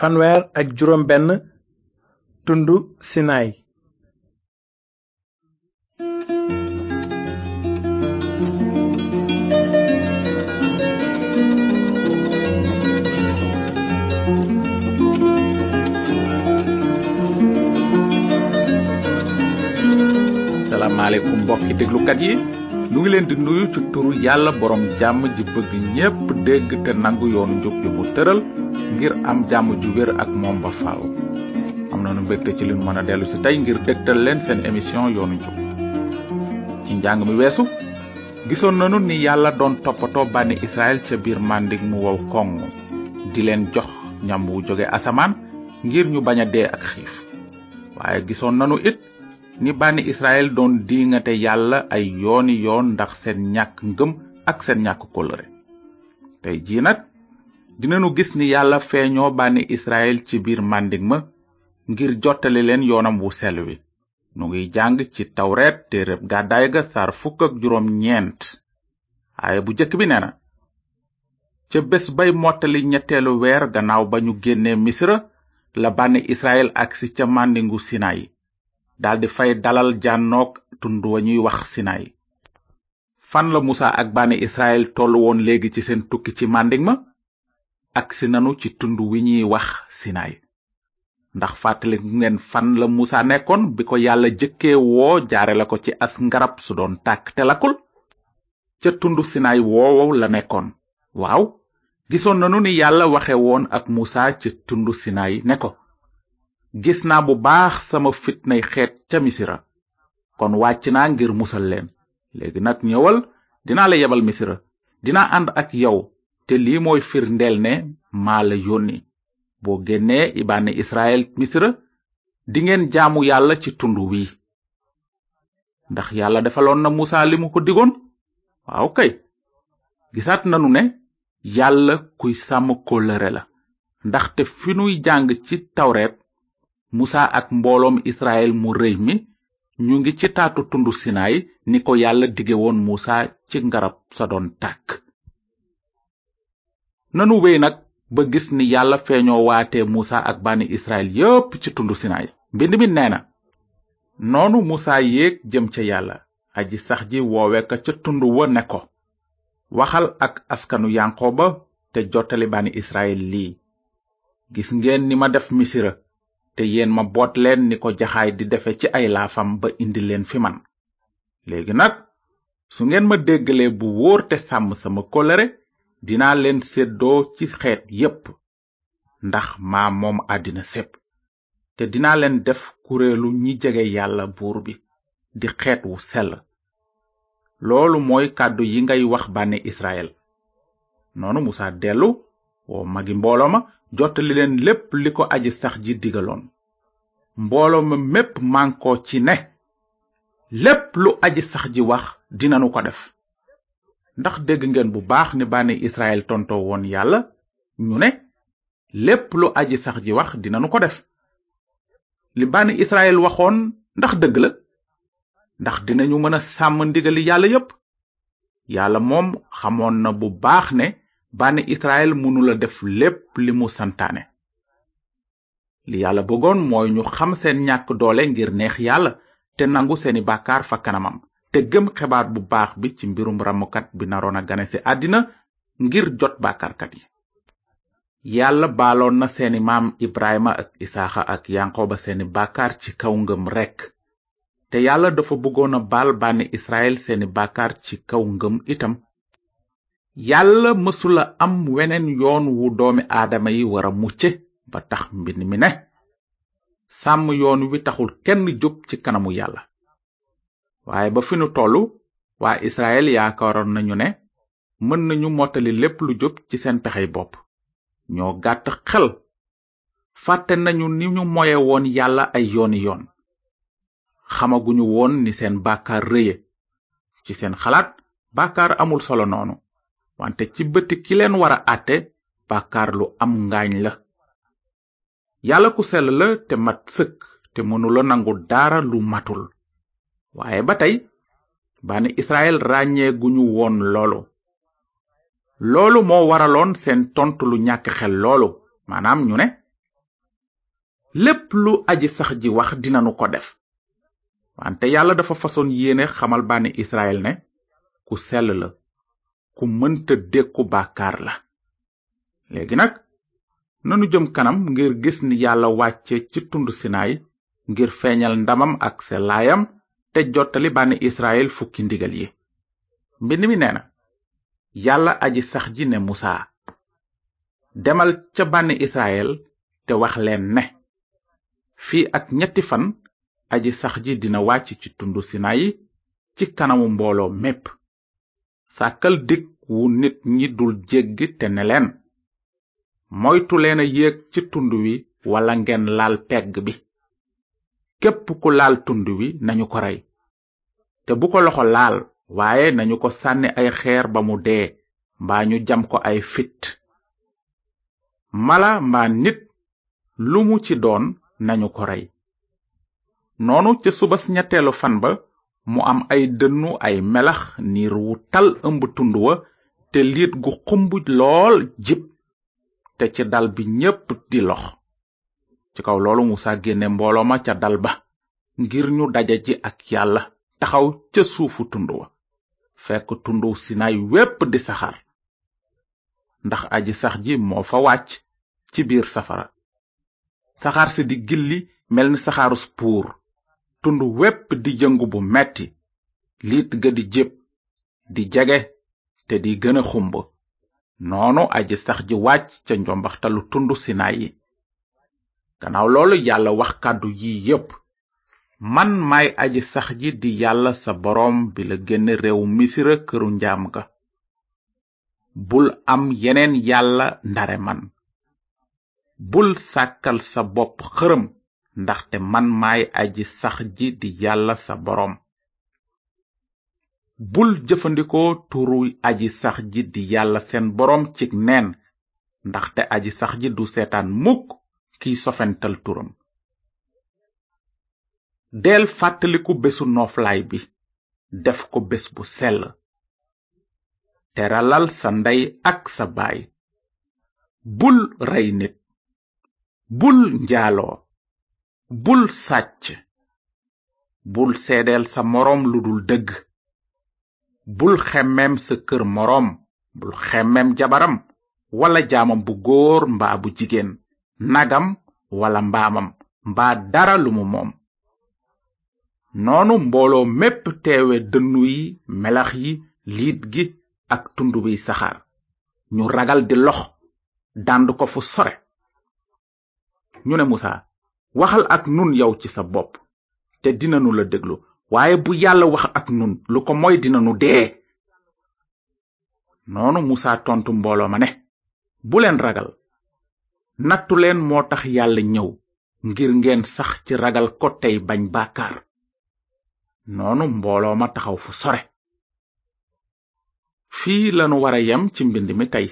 fanweer ak juróom benn tundu Sinaay salaamaaleykum mbokki déglukat yi nu ngi leen di nuyu ci turu yàlla borom jàmm ji bëgg ñépp dégg te nangu yoonu njub mu tëral ngir am jàmm ju ak moom ba faaw am na nu mbégte ci li mën a dellu si tey ngir dégtal leen seen émission yoonu njub ci njàng mi weesu gisoon nanu ni yàlla doon toppatoo bànni Israël ca biir màndik mu wow koŋ di leen jox ñam wu jóge asamaan ngir ñu bañ a dee ak xiif waaye gisoon nanu it ni bànni Israël doon diingate yàlla ay yooni yoon ndax seen ñàkk ngëm ak seen ñàkk kóllëre tey jii dinanu gis ni yàlla feeñoo bànni israel ci biir màndig ma ngir jottali leen yoonam wu sel wi nu ngi jàng ci tawreet téereb gàddaay ga sar fukk ak juróom ñeent aaye bu jëkk bi nee na ca bés bay mottali ñetteelu weer gannaaw ba ñu génnee misra la bànni israel agsi ca màndingu sinayi daldi fay dalal jànnoog tund wa ñuy wax sinayi fan la musa ak bànni israel tollu woon léegi ci seen tukki ci màndig ma agsi nanu ci tund wi ñuy wax sinaay ndax fàttali ngeen fan la musa nekkoon bi ko yàlla jëkkee woo jaare la ko ci as ngarab su doon tàkk te lakkul ca tund sinaay woow la nekkoon waaw gisoon nanu ni yàlla waxe woon ak musa ca tund sinaay ne ko gis naa bu baax sama fitnay xeet ca misira kon wàcc naa ngir musal leen léegi nag ñëwal dinaa la yebal misira dina ànd ak yow te lii mooy firndeel ne maa la yónni boo génnee ibanni israel misra dingeen jaamu yàlla ci tund wi ndax yàlla defaloon na musa li mu ko digoon waaw kay gisaat nanu ne yàlla kuy sàmm kóllëre la ndaxte fi nuy jàng ci tawreet musa ak mbooloom israel mu rëy mi ñu ngi ci taatu tundu sinaay ni ko yàlla dige woon musa ci ngarab sa doon tàkk nanu wéy nag ba gis ni yàlla feeñoo waate musa ak bànni israel yépp ci tund sinaay mbind mi nee na noonu musa yéeg jëm ca yàlla aji sax ji woowe ca tund wa ne ko waxal ak askanu ba te jottali bànni israel lii gis ngeen ni ma def misira te yéen ma boot leen ni ko jaxaay di defe ci ay laafam ba indi leen fi man léegi nag su ngeen ma déggalee bu wóor te sàmm sama kóllëre dinaa leen seddoo ci xeet yépp ndax maam moom àddina sépp te dinaa leen def kuréelu ñi jege yàlla buur bi di xeet wu sell loolu mooy kàddu yi ngay wax bànne israel noonu musa dellu woo magi mbooloo ma jottali leen lépp li ko aji sax ji digaloon mbooloo ma mépp mànkoo ci ne lépp lu aji sax ji wax dinanu ko def ndax dégg ngeen bu baax ni bànni israel tontoo woon yàlla ñu ne lépp lu aji sax ji wax dina nu ko def li bànni israel waxoon ndax dëgg la ndax dinañu mën a sàmm ndigali yàlla yépp yàlla moom xamoon na bu baax ne bànni israel mënula def lépp li mu santaane li yàlla bëggoon mooy ñu xam seen ñàkk doole ngir neex yàlla te nangu seeni bàkkaar fa kanamam te gëm xibaar bu baax bi ci mbirum ramukat bi naroona gane ci àddina ngir jot bàkkaarkat yi yàlla baaloon na seeni maam ibrahima ak isaaxa ak yanqoba seeni bàkkaar ci kaw ngëm rekk te yàlla dafa bëggoon a baal bànni israel seeni bàkkaar ci kaw ngëm itam yàlla mësula am weneen yoon wu doomi aadama yi wara mucce ba tax mbind mi ne sàmm yoon wi taxul kenn jub ci kanamu yàlla waaye ba fi nu tollu waa israel yaakaaroon nañu ne mën nañu mottali lépp lu jub ci seen pexey bopp ñoo gàtt xel fàtte nañu ni ñu moye woon yàlla ay yooni yoon xamaguñu woon ni seen bàkkaar rëye ci seen xalaat bàkkaar amul solo noonu wante ci bëti ki leen wara àtte bàkkaar lu am ngaañ la yàlla ku sel la te mat sëkk te mënula nangu daara lu matul waaye ba tey bani israel ràññee gu ñu woon loolu loolu moo waraloon seen tontu lu ñàkk xel loolu maanaam ñu ne lépp lu aji sax ji wax dinanu ko def wante yàlla dafa fasoon yéene xamal bani israel ne ku sel la ku mënta dékku bàkkaar la léegi nag nanu jëm kanam ngir gis ni yàlla wàcce ci tund sinaay ngir feeñal ndamam ak selaayam te jottali bànni israel fukki ndigal yi mbind mi nee yàlla aji sax ji ne musaa demal ca bànni israel te wax leen ne fii ak ñetti fan aji sax ji dina wàcc ci tundu sinay ci kanamu mbooloo mépp sàkkal dig wu nit ñi dul jéggi te ne leen moytu leen a yéeg ci tund wi walla ngeen laal pegg bi képp ku laal tund wi nañu ko rey te bu ko loxo laal waaye nañu ko sànni ay xeer ba mu dee mbaa ñu jam ko ay fit mala mbaa nit lu mu ci doon nañu ko rey noonu ca subas ñetteelu fan ba mu am ay dënnu ay melax niir wu tal ëmb tund wa te liit gu xumb lool jib te ci dal bi ñépp di lox ci kaw loolu musa génne mbooloo ma ca dal ba ngir ñu daje ji ak yàlla taxaw ca suufu tund wa fekk tundu sinaay wépp di saxar ndax aji sax ji moo fa wàcc ci biir safara saxaar si di gilli mel ni saxaarus puur tund wépp di jëngu bu metti liit ga di jéb di jege te di gën a xumb noonu aji sax ji wàcc ca njombaxtalu tund sinaay yi gannaaw loolu yàlla wax kàddu yi yépp man may aji sax ji di yàlla sa boroom bi la génne réew misira këru njaam ga bul am yeneen yàlla ndare man bul sàkkal sa bopp xërëm ndaxte man maay aji sax ji di yàlla sa boroom bul jëfandikoo turu aji sax ji di yàlla seen boroom cig neen ndaxte aji sax ji du seetaan mukk kiy sofental turam del fàttaliku bésu nooflaay bi def ko bés bu sell teralal sa ndey ak sa baay bul rey nit bul njaaloo bul sàcc bul seedeel sa moroom lu dul dëgg bul xemmeem sa kër moroom bul xemmeem jabaram wala jaamam bu góor mbaa bu jigéen nagam wala mbaamam mbaa dara lu mu moom noonu mbooloo mépp teewe dënnu yi melax yi liit gi ak tund biy saxaar ñu ragal di lox dànd ko fu sore ñu ne musa waxal ak nun yow ci sa bopp te dinanu la déglu waaye bu yàlla wax ak nun lu ko moy dinanu dee noonu musa tontu mbooloo ma ne bu leen ragal nattu leen moo tax yàlla ñëw ngir ngeen sax ci ragal ko tey bañ bàkkaar noonu mbooloo ma taxaw fu sore fii lanu wara yem ci mbind mi tey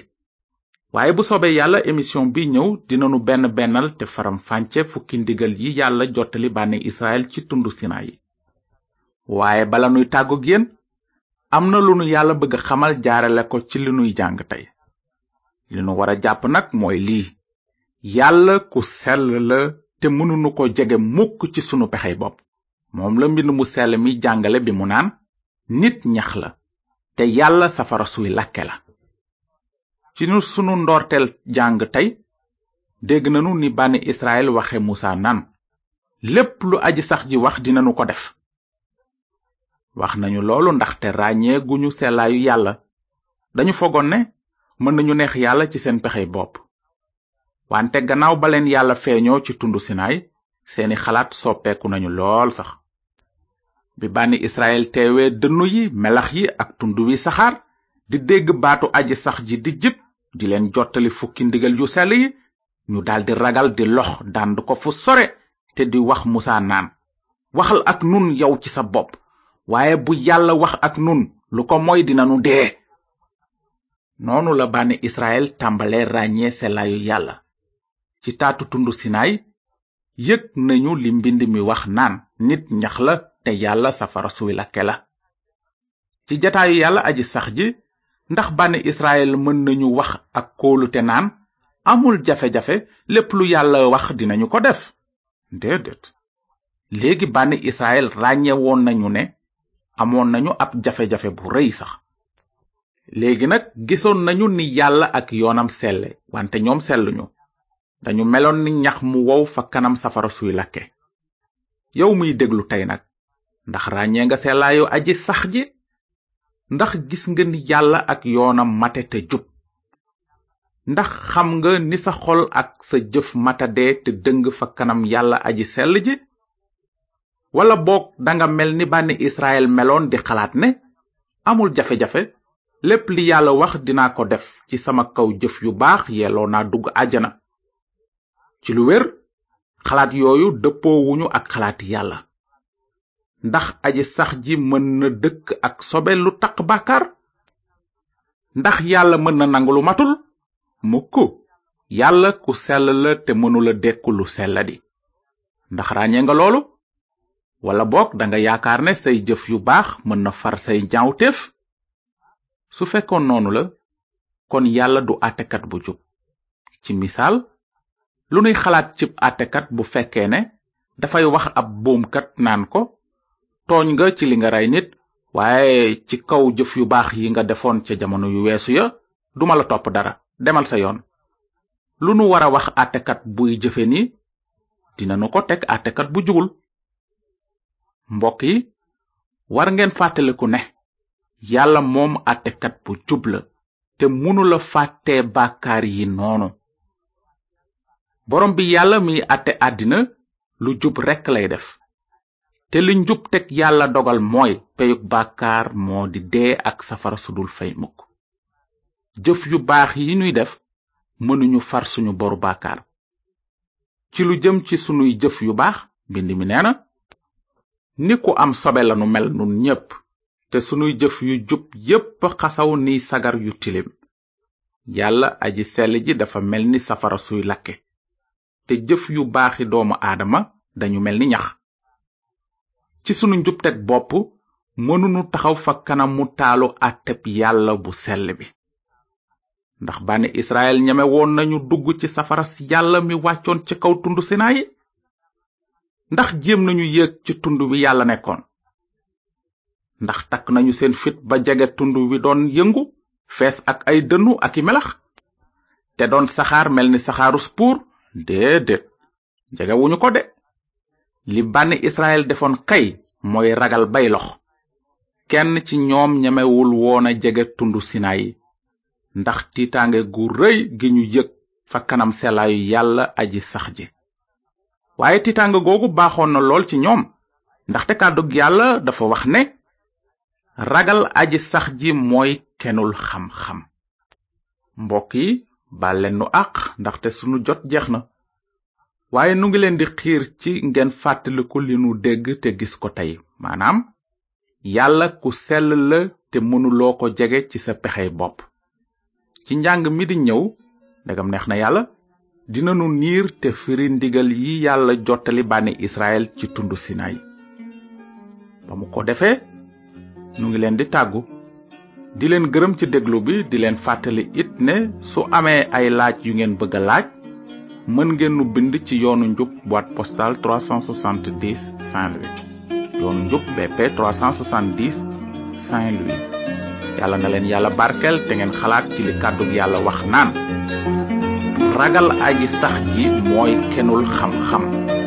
waaye bu soobee yàlla émission bi ñëw dinanu benn bennal te faram fànce fukki ndigal yi yàlla jottali bànne israel ci tundu sinaa yi waaye bala nuy tàggoog yéen am na lu nu yàlla bëgg xamal jaarale ko ci linuy nuy jàng tey li wara jàpp nag mooy lii yàlla ku sell la te mënunu ko jege mukk ci sunu pexey bopp moom la mbind mu sell mi jàngale bi mu naan nit ñax la te yàlla safara suy lakke la ci nu sunu ndoorteel jàng tey dégg nanu ni bànni israel waxe musa nan lépp lu aji sax ji wax dinanu ko def wax nañu loolu ndaxte ràññee guñu sellaayu yàlla dañu fogoon ne mën nañu neex yàlla ci seen pexey bopp wante gannaaw ba leen yàlla feeñoo ci tund sinaay seeni xalaat soppeeku nañu lool sax bi bànni israel teewee dënnu yi melax yi ak tund wi saxaar di dégg baatu aji sax ji di jib di leen jottali fukki ndigal yu sell yi ñu daldi ragal di lox dànd ko fu sore te di wax musa naan waxal ak nun yow ci sa bopp waaye bu yàlla wax ak nun lu ko moy dinanu dee noonu la bànni israel tàmbalee ràññee sellaayu yàlla ci taatu tundu sinaay yëg nañu li mbind mi wax naan nit ñax la te yàlla safara suy lakke la ci jataayu yàlla aji sax ji ndax bànni israel mën nañu wax ak kóolute naan amul jafe-jafe lépp lu yàlla wax dinañu ko def déedéet léegi bànni israel ràññe woon nañu ne amoon nañu ab jafe-jafe bu rëy sax léegi nag gisoon nañu ni yàlla ak yoonam selle wante ñoom selluñu dañu meloon ni ñax mu wow fa kanam safara suy lakke yow muy déglu tey nag ndax ràññee nga sellaayu aji sax ji ndax gis nga ni yàlla ak yoonam mate te jub ndax xam nga ni sa xol ak sa jëf matadee te dëng fa kanam yàlla aji sell ji wala boog danga mel ni bànni israel meloon di xalaat ne amul jafe-jafe lépp li yàlla wax dinaa ko def ci sama kaw jëf yu baax yelloo naa dugg àjjana ci lu wér xalaat yooyu dëppoowuñu ak xalaati yàlla ndax aji sax ji mën na dëkk ak sobe lu taq bàkkaar ndax yàlla mën na nangu lu matul mukk yàlla ku sell la te mënula dekku lu sell di ndax ràññee nga loolu wala boog danga yaakaar ne say jëf yu baax mën na far say ñaawteef su fekkoon noonu la kon yàlla du àttekat bu jub ci misaal lu nuy xalaat cib àttekat bu fekkee ne dafay wax ab buumkat naan ko tooñ nga ci li nga rey nit waaye ci kaw jëf yu baax yi nga defoon ca jamono yu weesu ya duma la topp dara demal sa yoon lu nu war a wax àttekat buy jëfe nii dina nu ko teg àttekat bu jubul mbokk yi war ngeen fàttaliku ne yàlla moom àttekat bu jub la te mënula fàtte bàkkaar yi noonu borom bi yàlla miy àtte àddina lu jub rekk lay def te li njub teg yàlla dogal mooy peyug bàkkaar moo di dee ak safara sudul fay mukk jëf yu baax yi nuy def mënuñu far suñu boru bàkkaar ci lu jëm ci sunuy jëf yu baax mbind mi nee na ni ku am sobe lanu mel nun ñépp te sunuy jëf yu jub yépp xasaw ni sagar yu tilim yàlla aji sell ji dafa mel ni safara suy lakke te jëf yu baaxi doomu aadama dañu mel ni ñax ci sunu njubteg bopp mënunu taxaw fa mu taalu àtteb yàlla bu sell bi ndax bànni israel ñeme nañu dugg ci safaras yàlla mi wàccoon ci kaw tund sinaay ndax jéem nañu yéeg ci tund wi yàlla nekkoon ndax takk nañu seen fit ba jege tund wi doon yëngu fees ak ay dënnu ak i melax te doon saxaar mel saxaarus puur déedéet jegewuñu ko de li bànni israel defoon kay mooy ragal bay lox kenn ci ñoom ñemewul woona jege tundu sinaay ndax tiitaange gu rëy gi ñu yëg fa kanam selaayu yàlla aji sax ji waaye tiitaange googu baaxoon na lool ci ñoom ndaxte kàddug yàlla dafa wax ne ragal aji sax ji mooy kenul xam-xam mbokk yi baal leen nu àq ndaxte sunu jot jeex na waaye nu ngi leen di xiir ci ngeen fàttaliku li nu dégg te gis ko tey maanaam yàlla ku sell la te mënuloo ko jege ci sa pexey bopp ci njàng mi di ñëw ndegam neex na yàlla dina nu niir te firi ndigal yi yàlla jottali bànni Israël ci tundu Sinaay ba mu ko defee nu ngi leen di tàggu di leen gërëm ci déglu bi di leen fàttali it ne su amee ay laaj yu ngeen bëgg a laaj mën ngeen nu bind ci yoonu njub boîte postale 370 Saint-Louis yoonu njub BP 370 saint yàlla na leen yàlla barkeel te ngeen xalaat ci li kàddu yàlla wax naan ragal aji sax ji mooy kenul xam-xam